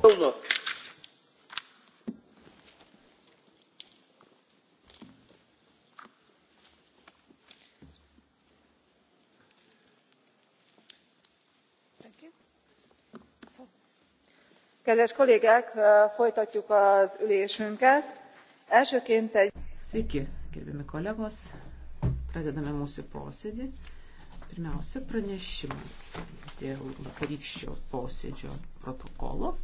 Pilnu. Oh, kedves kollégák, folytatjuk az ülésünket. Elsőként egy... Sveiki, gerbiami kolegos. Pradedame mūsų posėdį. Pirmiausia, pranešimas dėl vakarykščio posėdžio protokolo.